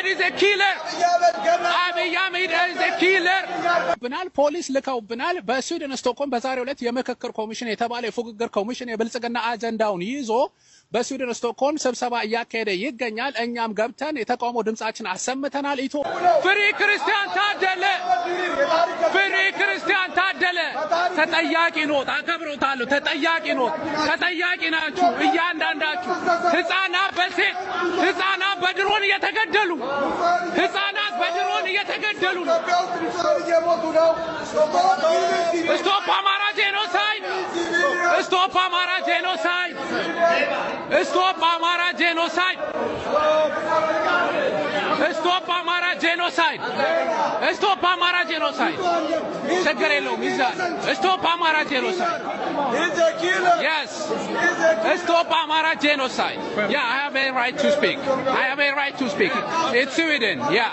አህመድ ኢዝ ኪለር፣ አብይ አህመድ ኢዝ ኪለር ብናል ፖሊስ ልከውብናል። በስዊድን ስቶክሆልም በዛሬው ዕለት የምክክር ኮሚሽን የተባለ የፉግግር ኮሚሽን የብልጽግና አጀንዳውን ይዞ በስዊድን ስቶክሆልም ስብሰባ እያካሄደ ይገኛል። እኛም ገብተን የተቃውሞ ድምጻችን አሰምተናል። ኢትዮ ፍሪ ክርስቲያን ታደለ ተጠያቂ ኖት። አከብሮታለሁ። ተጠያቂ ኖት። ተጠያቂ ናችሁ እያንዳንዳችሁ። ህፃናት በሴት ህፃናት በድሮን እየተገደሉ ህፃናት በድሮን እየተገደሉ ነው። ስቶፕ አማራ ጄኖሳይድ! ስቶፕ አማራ ጄኖሳይድ! ስቶፕ አማራ ጄኖሳይድ! ስቶፕ ጄኖሳይድ ስቶፕ አማራ ጄኖሳይድ ችግር የለውም ይዛል። ስቶፕ አማራ ጄኖሳይድ የስ ስቶፕ አማራ ጄኖሳይድ ያ አይ ሃቭ ኤ ራይት ቱ ስፒክ አይ ሃቭ ኤ ራይት ቱ ስፒክ ኢትስ ስዊድን ያ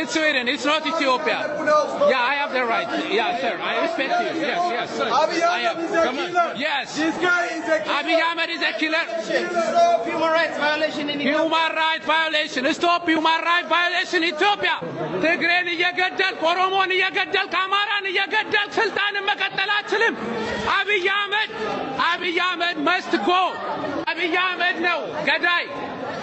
ኢትስ ስዊድን ኢትስ ኖት ኢትዮጵያ else. Yeah, I have the right. Yeah, sir. I respect you. Yes, yes, sir. Abiy Ahmed is a Come killer. On. Yes. This guy is a killer. Abiy Ahmed is a killer. Stop human rights violation in Ethiopia. Human rights violation. Stop human rights violation in Ethiopia. ትግሬን እየገደልክ ኦሮሞን እየገደልክ አማራን እየገደልክ ስልጣንን መቀጠል አትችልም። Abiy Ahmed, Abiy Ahmed must go. Abiy Ahmed ነው Gadai.